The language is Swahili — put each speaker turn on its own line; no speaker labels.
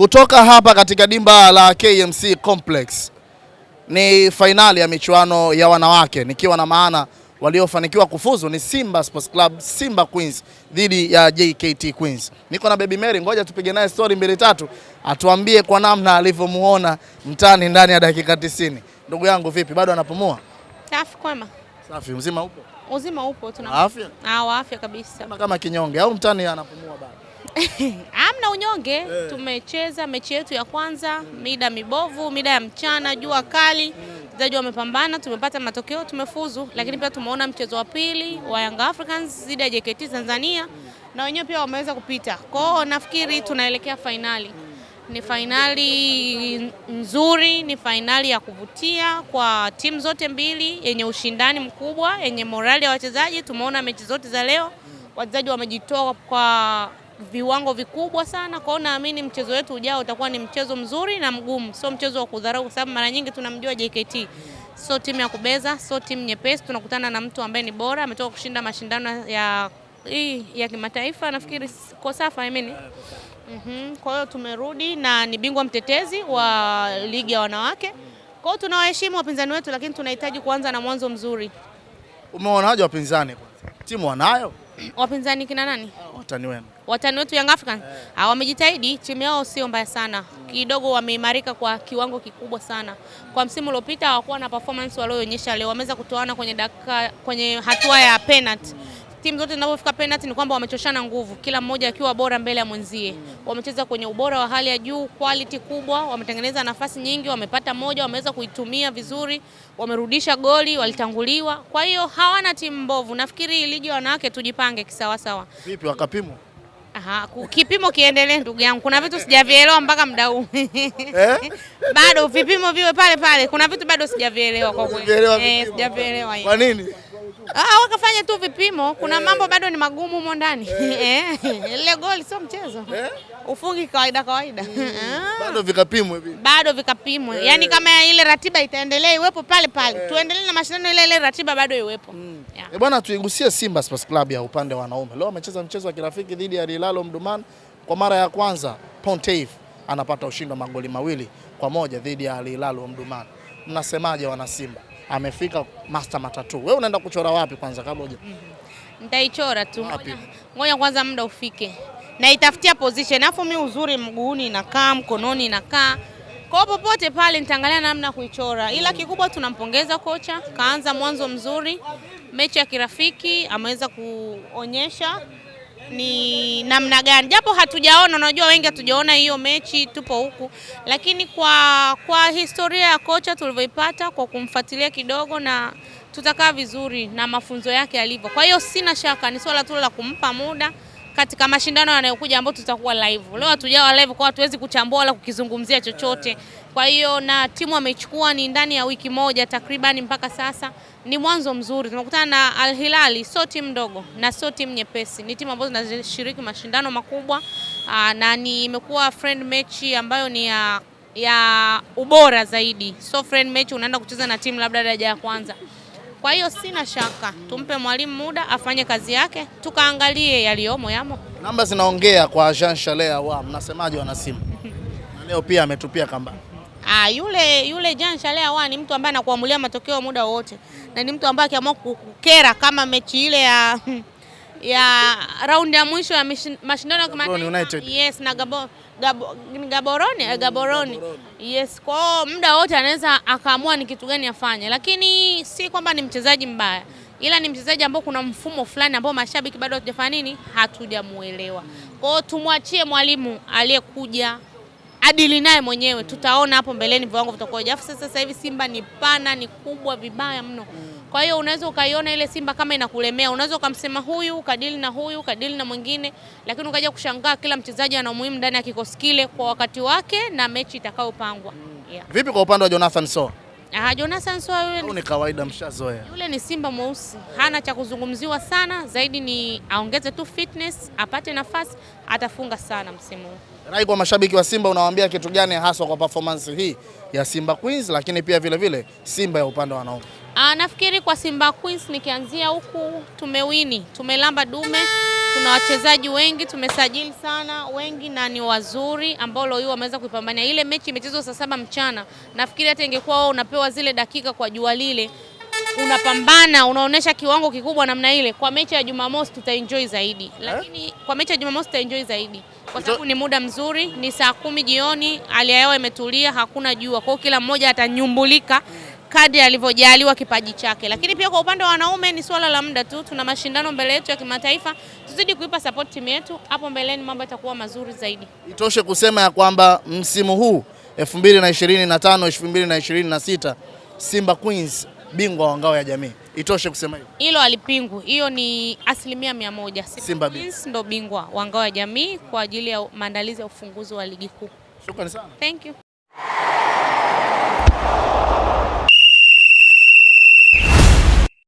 Kutoka hapa katika dimba la KMC Complex ni fainali ya michuano ya wanawake, nikiwa na maana waliofanikiwa kufuzu ni Simba Sports Club, Simba Queens dhidi ya JKT Queens. Niko na Baby Mary, ngoja tupige naye story mbili tatu, atuambie kwa namna alivyomuona mtani ndani ya dakika 90. Ndugu yangu, vipi, bado anapumua? Safi, kwema. Safi, mzima upo?
Uzima upo, tuna afya. Ah, afya kabisa.
Kama kinyonge au mtani anapumua bado?
Hamna unyonge eh. Tumecheza mechi yetu ya kwanza mida mibovu, mida ya mchana, jua kali, wachezaji wamepambana, tumepata matokeo, tumefuzu. Lakini pia tumeona mchezo wa pili wa Young Africans dhidi ya JKT Tanzania na wenyewe pia wameweza kupita. Kwa hiyo nafikiri tunaelekea fainali. Ni fainali nzuri, ni fainali ya kuvutia kwa timu zote mbili, yenye ushindani mkubwa, yenye morali ya wachezaji. Tumeona mechi zote za leo wachezaji wamejitoa kwa viwango vikubwa sana. Kwa hiyo naamini mchezo wetu ujao utakuwa ni mchezo mzuri na mgumu, sio mchezo wa kudharau, kwa sababu mara nyingi tunamjua JKT sio timu ya kubeza, sio timu nyepesi. Tunakutana na mtu ambaye ni bora, ametoka kushinda mashindano ya hii ya kimataifa nafikiri Kosafa, I mean. Mm-hmm. Kwa hiyo tumerudi na ni bingwa mtetezi wa ligi ya wanawake. Kwa hiyo tunawaheshimu wapinzani wetu, lakini tunahitaji kuanza na mwanzo mzuri.
Umeonaje wapinzani? Timu wanayo
wapinzani kina nani? Watani wenu watani wetu Young African yeah. Eh. Wamejitahidi, timu yao sio mbaya sana kidogo, wameimarika kwa kiwango kikubwa sana. Kwa msimu uliopita hawakuwa na performance walioonyesha leo, wameweza kutoana kwenye dakika, kwenye hatua ya penalty timu zote zinapofika penalty ni kwamba wamechoshana nguvu, kila mmoja akiwa bora mbele ya mwenzie. Wamecheza kwenye ubora wa hali ya juu, quality kubwa, wametengeneza nafasi nyingi, wamepata moja, wameweza kuitumia vizuri, wamerudisha goli, walitanguliwa. Kwa hiyo hawana timu mbovu. Nafikiri ligi ya wanawake tujipange kisawasawa.
Vipi wakapimwa?
Aha, kipimo kiendelee ndugu yangu. Kuna vitu sijavielewa mpaka muda huu. Eh? Bado vipimo viwe pale pale. Kuna vitu bado sijavielewa kwa kweli.
Eh, sijavielewa. Kwa nini?
Ah, wakafanya tu vipimo, kuna eh, mambo bado ni magumu humo ndani eh. eh. Ile goli sio mchezo eh, ufungi kawaida kawaida mm,
ah. bado vikapimwe hivi,
bado vikapimwe eh. Yaani kama ile ratiba itaendelea iwepo pale pale eh, tuendelee na mashindano ile ile ratiba bado iwepo mm.
yeah. E bwana, tuigusie Simba Sports Club ya upande wa wanaume leo amecheza mchezo wa kirafiki dhidi ya Lilalo Mduman kwa mara ya kwanza Ponteif anapata ushindi wa magoli mawili kwa moja dhidi ya Al Hilal Omdurman. Mnasemaje wana Simba? amefika master matatu. Wewe unaenda kuchora wapi kwanza kabla uje? Mhm.
Nitaichora tu. Ngoja kwanza muda ufike, naitafutia position, alafu mi uzuri mguuni nakaa, mkononi kaa kwa popote pale nitaangalia namna kuichora, ila kikubwa tunampongeza kocha, kaanza mwanzo mzuri, mechi ya kirafiki ameweza kuonyesha ni namna gani, japo hatujaona, unajua wengi hatujaona hiyo mechi, tupo huku, lakini kwa, kwa historia ya kocha tulivyoipata kwa kumfuatilia kidogo na tutakaa vizuri na mafunzo yake yalivyo. Kwa hiyo sina shaka, ni swala tu la kumpa muda katika mashindano yanayokuja ambayo tutakuwa live. Leo hatujawa live kwa hatuwezi kuchambua wala kukizungumzia chochote. Kwa hiyo na timu amechukua ni ndani ya wiki moja takriban mpaka sasa. Ni mwanzo mzuri. tumekutana na Al Hilali, sio timu ndogo na sio timu nyepesi. Ni timu ambazo zinashiriki mashindano makubwa aa, ah, na ni imekuwa friend match ambayo ni ya ya ubora zaidi. So friend match unaenda kucheza na timu labda daraja ya kwanza. Kwa hiyo sina shaka, tumpe mwalimu muda afanye kazi yake, tukaangalie yaliyomo yamo.
Namba zinaongea kwa Jean Shalea wa mnasemaje wanasimu? na leo pia ametupia kamba.
Ah, yule yule Jean Shalea wa ni mtu ambaye anakuamulia matokeo muda wote na ni mtu ambaye akiamua kukera kama mechi ile ya hmm, ya raundi ya mwisho ya mashindano yes, na Gabo, Gabo, Gabo, eh, Yes, kwao muda wote anaweza akaamua ni kitu gani afanye, lakini si kwamba ni mchezaji mbaya, ila ni mchezaji ambao kuna mfumo fulani ambao mashabiki bado hatujafanya nini, hatujamuelewa. Kwao tumwachie mwalimu aliyekuja adili naye mwenyewe, tutaona hapo mbeleni viwango vitakuwaje. Afu sasa hivi Simba ni pana, ni kubwa vibaya mno. Kwa hiyo unaweza ukaiona ile Simba kama inakulemea, unaweza ukamsema huyu kadili na huyu kadili na mwingine, lakini ukaja kushangaa kila mchezaji ana umuhimu ndani ya kikosi kile kwa wakati wake na mechi itakayopangwa.
Yeah. Vipi kwa upande wa Jonathan So?
Ah, Jonathan So
yule ni kawaida mshazoea.
Yule ni Simba mweusi, hana cha kuzungumziwa sana, zaidi ni aongeze tu fitness, apate nafasi, atafunga sana msimu huu.
Rai kwa mashabiki wa Simba, unawaambia kitu gani haswa kwa performance hii ya Simba Queens, lakini pia vile vile Simba ya upande wa wanaume?
Aa, ah, nafikiri kwa Simba Queens nikianzia huku tumewini, tumelamba dume, tuna wachezaji wengi, tumesajili sana wengi na ni wazuri ambao leo wameweza kuipambania ile mechi. Imechezwa saa saba mchana, nafikiri hata ingekuwa wao unapewa zile dakika kwa jua lile, unapambana unaonyesha kiwango kikubwa namna ile, kwa mechi ya Jumamosi tutaenjoy zaidi, eh? lakini kwa mechi ya Jumamosi tutaenjoy zaidi kwa sababu ni muda mzuri, ni saa kumi jioni, hali ya hewa imetulia, hakuna jua, kwa kila mmoja atanyumbulika kadri alivyojaliwa kipaji chake. Lakini pia kwa upande wa wanaume ni swala la muda tu, tuna mashindano mbele yetu ya kimataifa, tuzidi kuipa support timu yetu, hapo mbeleni mambo yatakuwa mazuri zaidi.
Itoshe kusema ya kwamba msimu huu 2025 2026 Simba Queens bingwa wa ngao ya jamii. Itoshe kusema hiyo,
hilo alipingu, hiyo ni asilimia mia moja. Simba Queens ndo bingwa wa ngao ya jamii kwa ajili ya maandalizi ya ufunguzi wa ligi kuu. Shukrani sana. Thank you.